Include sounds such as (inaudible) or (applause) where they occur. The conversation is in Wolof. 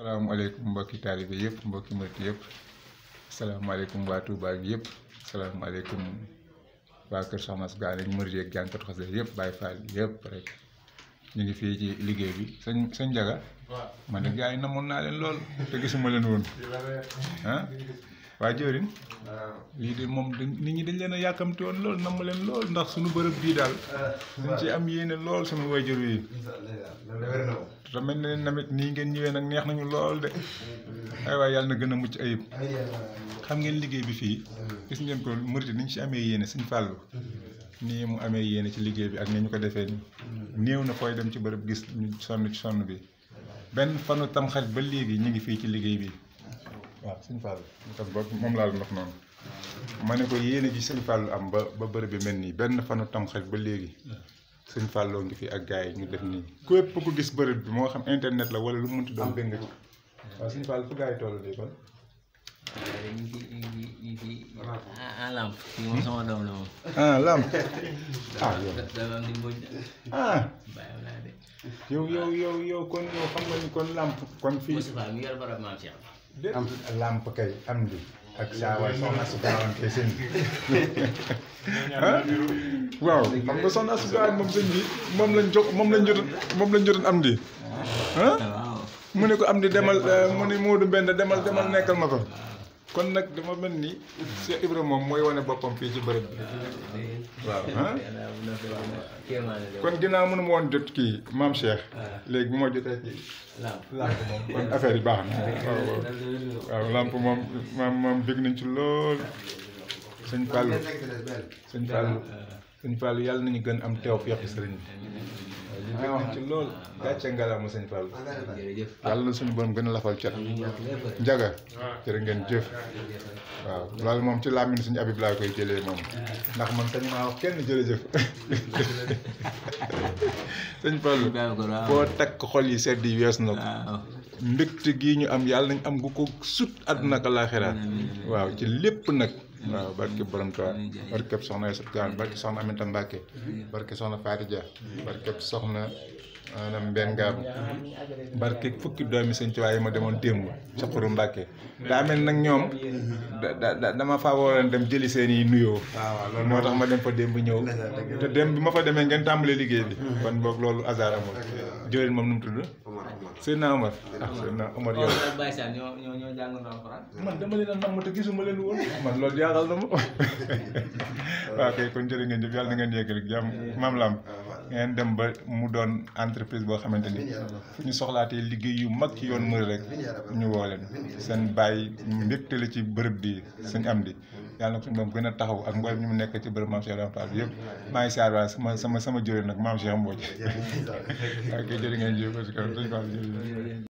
salaamaaleykum mbokki taalibe yëpp mbokki murit yëpp salaamaaleykum waa Touba bi yëpp salaamaaleykum waa Kër Soxna si Gaane ñu murit yeeg jànkat xase yëpp Baay Faal yépp rek ñu ngi fii ci liggéey bi sëñ sëñ Njaga man de gars yi namoon naa leen lool te gisuma leen woon ah waaye jëwriñ lii de moom dañ nit ñi dañ leen a yàkkamti woon lool namm leen lool ndax suñu bërëb bii daal dañ ci am yéene lool sama waajur yi te tamit ne namit nii ngeen ñëwee nag neex nañu lool de ay na gën a mucc ayib xam ngeen liggéey bi fii gis ngeen ko murit ni ñu ci amee yéene suñ fàll nii mu amee yéene ci liggéey bi ak ni ñu ko defee nii mm. néew na fooy dem ci bërëb gis ñu sonn ci sonn bi benn fanu tamxarit ba léegi ñu ngi fii ci liggéey bi waaw suñu Fallou parce moom laa doon wax noonu ma ne ko yéene ji sëñ Fallou am ba ba bërëb bi mel nii benn fanu tamxarit ba léegi sëñ Fallou ngi fi ak gars yi ñu def nii képp ku gis bërëb bi moo xam internet la wala lu munti doon bëgg nga ci waaw sëñ Fallou fu gars yi toll kon ñu ah fii moom ah, (laughs) ah, ah. yow yow yow yow kon yow xam nga ni kon lamp kon fii. am làmp kay am di ak saa waay soxna su baaxoon kay sëñ bi waaw xam nga soxna su baax moom moom lañ jox moom lañ jotoon moom lañ jotoon am di ah mu ne ko am di demal euh, mu ne Moodu benn demal demal nekkal ma fa kon nag dama mel ni Cheikh Ibrahima moom mooy wane boppam fii ci bërëb waaw (laughs) kon ginnaaw mënu ma woon jot kii maam Cheikh. Ah. léegi bu ma jotee kii. (laughs) kon affaire yi baax na. waaw lamp moom maam maam dégg nañ ci lool. sëñ Fallou sëñ Fallou ah. sëñ Fallou yàlla nañu gën am teew fi yàq sëriñ bi. lool gàcce ngalaama sëñ Fall palu. na suñu borom gën a lafal cat njaga jërë ngeen jëf waaw loolu moom ci làmmiñ suñu abib laa koy jëlee moom ndax man sañ ñu am yàlla nañ am gu ko sut àdduna ak laaxiraat waaw ci waaw barke borom barke soxna Yusuf Jaan barke soxna Aminta Mbàkke barke soxna Faati Dia barke soxna maanaam eh, benn gaabu barke fukki doomi sëñ Tuubaa yi ma demoon démb ca xuru Mbàkke daa mel nag ñoom da da dama faa leen dem jëli seen i nuyoo ah, moo tax ma dem fa démb ñëw te dem bi ma fa demee ngeen tàmbalee liggéey bi kon boog loolu hasard amul jëleen moom nu mu tudd Seydina Omar ah Seydina Omar yow. Baye Sane ñoo ñoo ñoo jàngoon alxuraan. man dama leen a te gisuma leen woon man loolu jaaxal na ma. waaw (laughs) (laughs) kay kon jërë ngeen jëf yàlla ngeen yegg rek jàmm maam laam ngeen dem ba mu doon entreprise boo xamante ni ñu soxlaatee liggéey yu mag ci yoon mën rek ñu woo leen seen bàyyi mbégte la ci bërëb bi sëñ am bi yàlla na suñu doom gën a taxaw ak mboolem ñu nekk ci bërëb maam Cheikh Ibrahima Fall bi yëpp maa ngi saar waa sama sama sama jëriñ nag maam Cheikh Mbodj ak (laughs) jërë ngeen jëf parce que suñu Fall jërë